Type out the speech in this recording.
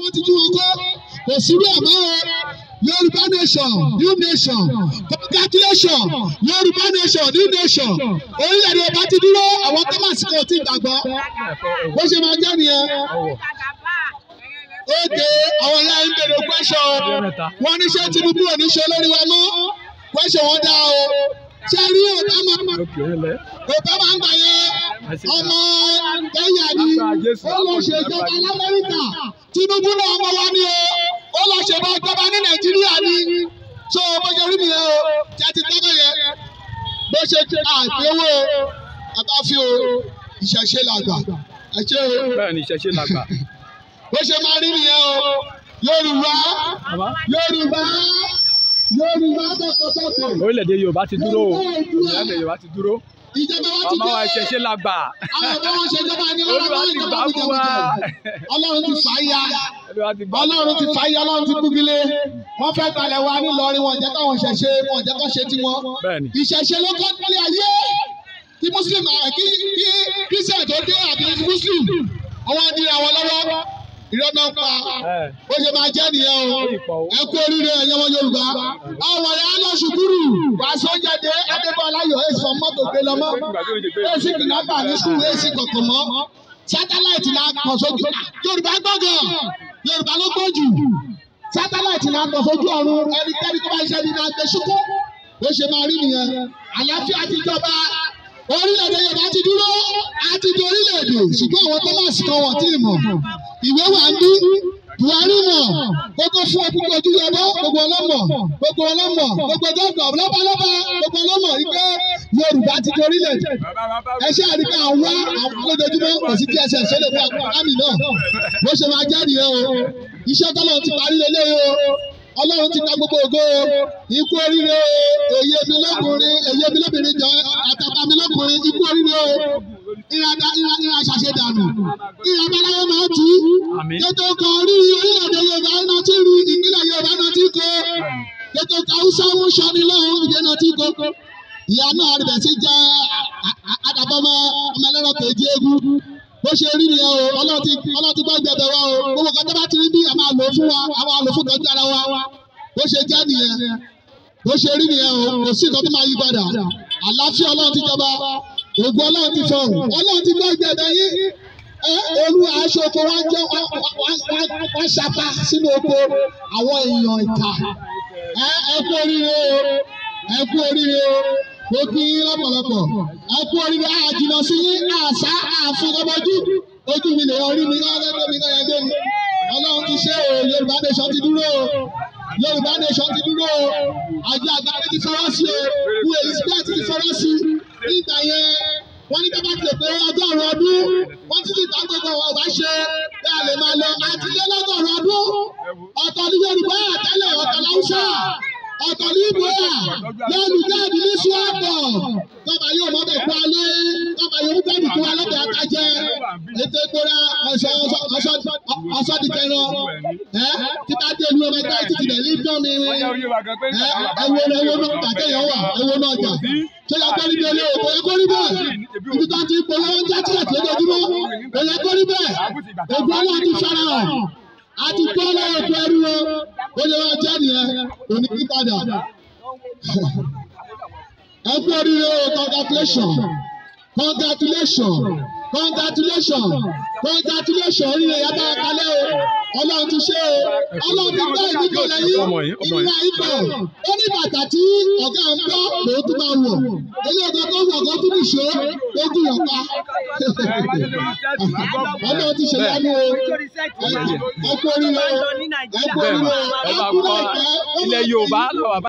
wọ́n ti jí wọn kọ́ kò sílẹ̀ àmọ́ o yorùbá nation new nation congratulation yorùbá nation new nation orílẹ̀-èdè ọba ti dúró àwọn thomas kan ti gbàgbọ́ bó ṣe máa jẹ́ nìyẹn. Oge àwọn ọ̀la ń bèrè question wọn ní ṣé Tinubu ò ní ṣe olórí wa mọ́ question wọn dá o ṣé rí òtá máa ń òtá máa ń gbà yẹn ọmọ Kẹ́nyà ni ó lọ ṣèjọba lamẹ́ríkà. Tinubu náà ọmọ wa ni o ó lọ ṣèbá ìjọba ní Nàìjíríà ni so bó ṣe rí nìyẹn o jẹ ti tọ́kọ̀ yẹ bó ṣe àgbéwò àbáfi o ìṣẹ̀ṣe làgbà ẹ ṣe o. bẹ́ẹ̀ni ìṣẹ̀ṣe làgbà. bó ṣe máa rí nìyẹn o Yorùbá Yorùbá Yorùbá tọkọtọkọ. orílẹ̀-èdè Yorùbá ti dúró o orílẹ̀-èdè Yorùbá ti dúró. ìjọba wa ti dúró. bàbá wa ìṣẹ̀ṣe làgbà. àwọn ọ̀dọ́ wọn ṣèjọba ni wọ́n búwa ọlọ́run ti fà á ya ọlọ́run ti fà á ya ọlọ́run ti búbi lé wọ́n fẹ́ gbalẹ̀ wa nílọrin wọn jẹ́ káwọn ṣẹ̀ṣe wọn jẹ́ kọ́ ṣe tiwọn ìṣẹ̀ṣe ló kọ́ nílé ayé kí muslim kí kí christian tó dé àbí muslim ọwọ́ adìrẹ àwọn lọ́wọ́ ìrọ́nà pa ó ṣe máa jẹ́ nìyẹn o ẹ kú oríire ẹ̀yẹ́ wọn Yorùbá àwọn ọ̀rẹ́ aláṣukúrù wàásù jáde adébọ̀ aláyọ̀ èsì ọmọ tó gbé lọ́mọ́ èsì kìnnàbà ní sùn èsì kọ̀kọ̀ mọ́. Satellite là ń kọ sójú yorùbá gbọ́ngàn yorùbá ló gbọ́n jù sátáláìtì là ń kọ sójú ọ̀run ẹnikẹ́ni tó bá ṣe ní náà gbẹ̀ṣukú ló ṣe máa rí nìyẹn àlàáfíà ti jọba orílẹ̀-èdè yorùbá ti dúró àti di orílẹ̀-èdè ṣùgbọ́n àwọn tó máa sìkọ́ tí ì mọ̀ ìwé wà ń bí buhari mọ̀ gbogbo fún ọ gbogbo ojú yọbọ gbogbo ọlọ́mọ gbogbo ọlọ́mọ gbogbo dọ́gbọ̀ lọ́balọ́ba gbogbo ọlọ́mọ ìgbé yorùbá ti dorílẹ̀ ẹṣẹ́ àríkà wá àkójọjúmọ́ òsì tí ẹsẹ̀ ṣẹlẹ̀ fún àkókò àmì náà bó ṣe máa jáde yẹn o iṣẹ́ tọ́lọ̀ ti parí lélẹ́yìn o ọlọ́run ti ta gbogbo ògo ikú oríire èyí mi lọ́kùnrin èyí mi lọ́bìnrin jọ àtàtà mi lọ́kùnrin ikú oríire o ìrà ṣàṣedànù ìrà balayé máa tú ètò kan orí orílẹ̀-èdè Yorùbá iná tí ru ìpínlẹ̀ Yorùbá náà ti kó ètò kan Haúsá ń sọni lọ́hùn ìdè náà ti kó ìyá náà rẹ̀ bẹ̀ sí jẹ́ àdàbọ̀mọ ọmọ ẹlẹ́rọ kejì egu bó ṣe rí nìyẹn o ọlọ́ọ̀tí ọlọ́ọ̀tí gbọ́ ìgbẹ̀bẹ̀ wa o gbogbo kan tó bá ti rí bí àmà lò fún wa àwọn àlòfún kan dára wa bó ṣe jẹ́ nìyẹn bó ṣe rí nìyẹn o kò sí nǹkan tó máa yí padà àlàáfíà ọlọ́ọ̀tí jọba ògbó ọlọ́run ti sọ̀rọ̀ ọlọ́run ti gbọ́ ìgbẹ̀dẹ̀ yín olú aṣọ́kọ wa jẹ́ wá ṣapa sínú oko àwọn èèyàn ìta ẹ kú oríire o ẹ kú oríire o mo yín lọ́pọ̀lọpọ̀ ẹ oríire àjìnà sí yín àṣà àfin ojú mi lè rí mi lọ́wọ́ lọ́wọ́ mi lọ́wọ́ dé mi ọlọ́run ti ṣe o Yorùbá nation ti dúró o Yorùbá nation ti dúró o àjọ àgbáyé ti fọwọ́ sí o wúwo Elizabeth ti fọwọ́ sí o ìgbà yẹn wọ́n ní dábàá tilẹ̀ pé ọgọ́rùn-ún ọdún wọ́n ti ti ìgbà gbogbo àwọn ọba ṣe kí a lè máa lọ àti lé lọ́gọ́rùn-ún ọdún ọ̀tọ̀ ní Yorùbá àtẹ́lẹ̀ ọ̀tọ̀ láwùsà ọ̀tọ̀ ní ìbúra lẹ́nu káàdì ní sùọ́pọ̀ tọ́ba yóò mọ́ bẹ̀ kú alẹ́ tọ́ba yóò fẹ́ bìkú alẹ́bẹ̀ àtàjẹ́ ètò ìkóra ọ̀ṣọ́dìtẹ̀rọ̀ ẹ́ dé ìlú ọmọ ẹgbẹ́ ìtìtì tọ́jà kọ́ níbẹ̀ lé o tọ́jà kọ́ níbẹ̀ ibi tó ti polówó ń játí àti lójoojúmọ́ tọ́jà kọ́ níbẹ̀ ògbó náà ti fara hàn àti kọ́ lọ́wọ́ tó ẹrú o ó lè wá jẹ́ nìyẹn kò ní kí padà. ẹ congratulation congratulation congratulation congratulation oríire yaba àkàlẹ́ o ọlọ́run ti ṣe o ọlọ́run ti gbọ́ ìdíje lẹ́yìn ìnira ìfẹ́ ó ní bàtà tí ọ̀gá ń bọ́ lòó tún máa wọ̀ eléyìí tó wọ̀ kó tún nìṣó ó gùn yàn pa ọlọ́run ti ṣe lánàá o ẹ kú oríire o ẹ kú oríire o ẹ kú náà ìfẹ́. ilẹ̀ Yorùbá lọ wà bá.